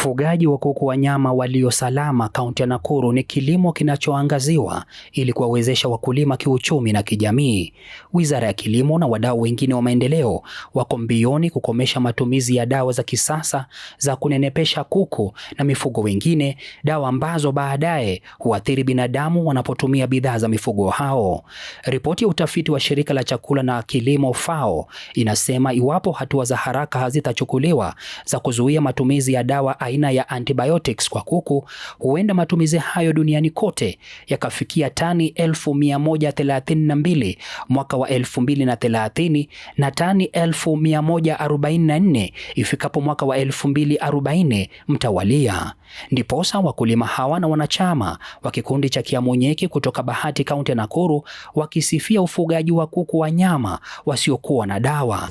Ufugaji wa kuku wa nyama walio salama kaunti ya Nakuru ni kilimo kinachoangaziwa ili kuwawezesha wakulima kiuchumi na kijamii. Wizara ya Kilimo na wadau wengine wa maendeleo wako mbioni kukomesha matumizi ya dawa za kisasa za kunenepesha kuku na mifugo wengine, dawa ambazo baadaye huathiri binadamu wanapotumia bidhaa za mifugo hao. Ripoti ya utafiti wa shirika la chakula na kilimo FAO inasema iwapo hatua za haraka hazitachukuliwa za kuzuia matumizi ya dawa aina ya antibiotics kwa kuku, huenda matumizi hayo duniani kote yakafikia tani 1132 mwaka wa 2030 na tani 1144 ifikapo mwaka wa 2040 mtawalia. Ndiposa wakulima hawa na wanachama wa kikundi cha Kiamunyeki kutoka Bahati, kaunti ya Nakuru, wakisifia ufugaji wa kuku wa nyama wasiokuwa na dawa.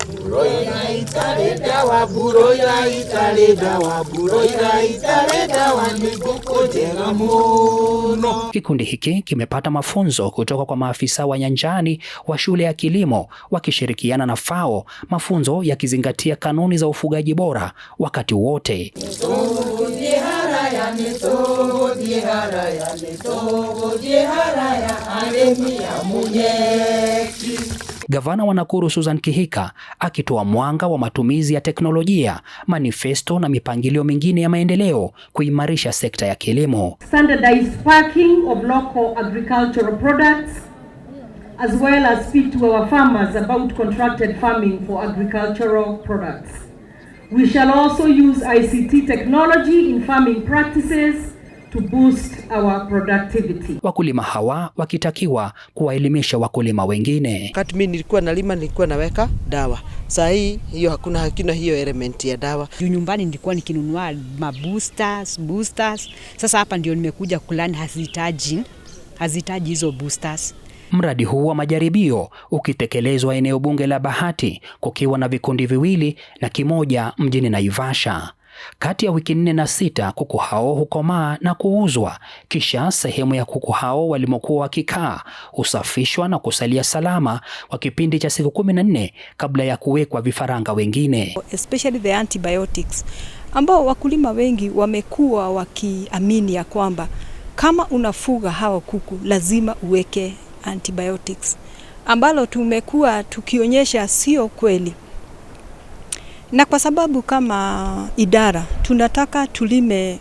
Kikundi hiki kimepata mafunzo kutoka kwa maafisa wa nyanjani wa shule ya kilimo wakishirikiana na FAO, mafunzo yakizingatia kanuni za ufugaji bora wakati wote. Gavana wa Nakuru Susan Kihika akitoa mwanga wa matumizi ya teknolojia, manifesto na mipangilio mingine ya maendeleo kuimarisha sekta ya kilimo. Standardized packing of local agricultural products as well as speak to our farmers about contracted farming for agricultural products. We shall also use ICT technology in farming practices to boost our productivity. Wakulima hawa wakitakiwa kuwaelimisha wakulima wengine. Wakati mimi nilikuwa nalima nilikuwa naweka dawa. Saa hii hiyo hakuna hakuna hiyo element ya dawa. Juu nyumbani nilikuwa nikinunua maboosters, boosters. Sasa hapa ndio nimekuja kulani hazihitaji hazihitaji hizo boosters. Mradi huu wa majaribio ukitekelezwa eneo bunge la Bahati, kukiwa na vikundi viwili na kimoja mjini Naivasha kati ya wiki nne na sita kuku hao hukomaa na kuuzwa, kisha sehemu ya kuku hao walimokuwa wakikaa husafishwa na kusalia salama kwa kipindi cha siku kumi na nne kabla ya kuwekwa vifaranga wengine, especially the antibiotics, ambao wakulima wengi wamekuwa wakiamini ya kwamba kama unafuga hawa kuku lazima uweke antibiotics ambalo tumekuwa tukionyesha sio kweli. Na kwa sababu kama idara tunataka tulime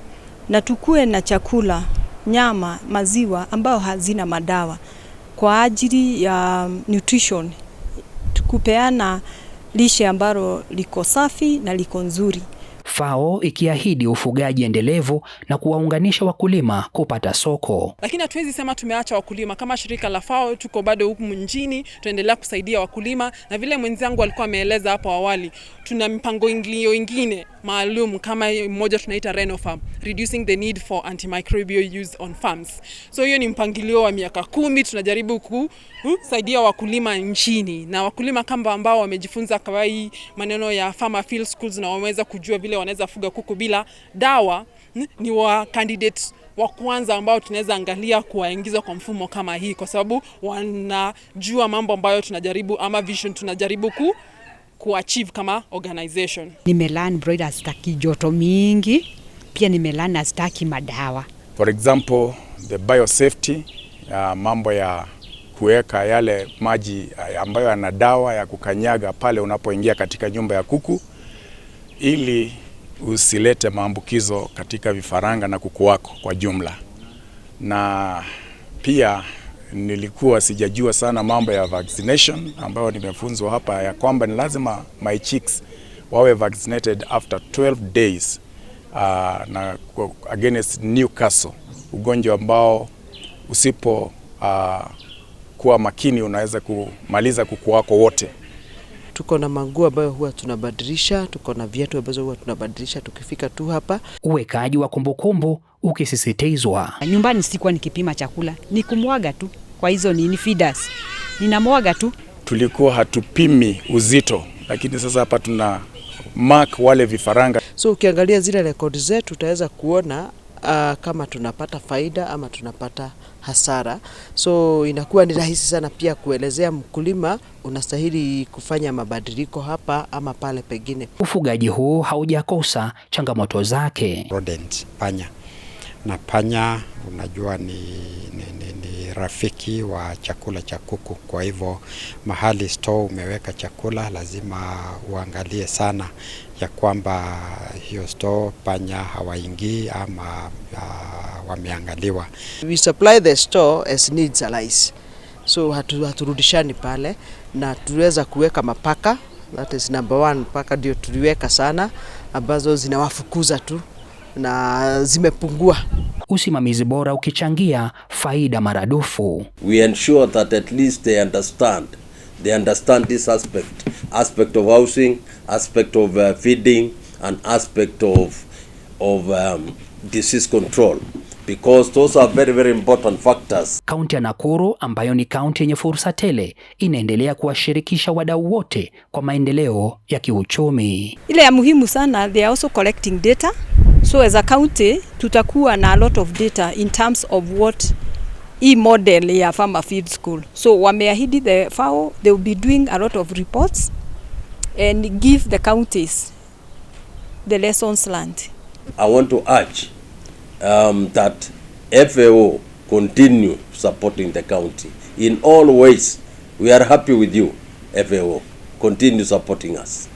na tukue na chakula, nyama, maziwa ambao hazina madawa kwa ajili ya nutrition, kupeana lishe ambalo liko safi na liko nzuri. FAO ikiahidi ufugaji endelevu na kuwaunganisha wakulima kupata soko. Lakini hatuwezi sema tumeacha wakulima. Kama shirika la FAO tuko bado huku nchini, tunaendelea kusaidia wakulima, na vile mwenzangu alikuwa ameeleza hapo awali, tuna mipango ingilio ingine maalum kama mmoja tunaita Renofarm, reducing the need for antimicrobial use on farms. So hiyo ni mpangilio wa miaka kumi, tunajaribu kusaidia wakulima nchini na wakulima kama ambao wamejifunza kwa maneno ya farmer field schools na wameweza kujua vile wanaweza fuga kuku bila dawa ni wa candidate wa kwanza ambao tunaweza angalia kuwaingiza kwa mfumo kama hii, kwa sababu wanajua mambo ambayo tunajaribu ama vision tunajaribu ku kuachieve kama organization. Nimelearn broiler hazitaki joto mingi, pia nimelearn hazitaki madawa. For example, the biosafety uh, mambo ya kuweka yale maji eh, ambayo yana dawa ya kukanyaga pale unapoingia katika nyumba ya kuku ili usilete maambukizo katika vifaranga na kuku wako kwa jumla. Na pia nilikuwa sijajua sana mambo ya vaccination ambayo nimefunzwa hapa ya kwamba ni lazima my chicks wawe vaccinated after 12 days uh, na against Newcastle, ugonjwa ambao usipo uh, kuwa makini unaweza kumaliza kuku wako wote tuko na manguo ambayo huwa tunabadilisha, tuko na viatu ambazo huwa tunabadilisha tukifika tu hapa. Uwekaji wa kumbukumbu ukisisitizwa. Nyumbani sikuwa nikipima chakula, ni kumwaga tu kwa hizo nini feeders, ninamwaga tu. Tulikuwa hatupimi uzito, lakini sasa hapa tuna mark wale vifaranga. So ukiangalia zile rekodi zetu utaweza kuona uh, kama tunapata faida ama tunapata hasara. So inakuwa ni rahisi sana pia kuelezea mkulima unastahili kufanya mabadiliko hapa ama pale pengine. Ufugaji huu haujakosa changamoto zake. Rodent, panya na panya unajua ni, ni, ni rafiki wa chakula cha kuku. Kwa hivyo mahali store umeweka chakula, lazima uangalie sana ya kwamba hiyo store panya hawaingii ama uh, wameangaliwa. We supply the store as needs arise. So hatu, haturudishani pale na tuweza kuweka mapaka that is number one, mpaka ndio tuliweka sana ambazo zinawafukuza tu na zimepungua usimamizi bora ukichangia faida maradufu. We ensure that at least they understand they understand this aspect aspect of housing aspect of uh, feeding and aspect of of um, disease control because those are very very important factors. Kaunti ya Nakuru ambayo ni kaunti yenye fursa tele inaendelea kuwashirikisha wadau wote kwa maendeleo ya kiuchumi. Ile ya muhimu sana, they are also collecting data So as a county tutakuwa na a lot of data in terms of what e model ya Farmer Field School. So wameahidi the FAO they will be doing a lot of reports and give the counties the lessons learned. I want to urge um, that FAO continue supporting the county in all ways. We are happy with you FAO. Continue supporting us.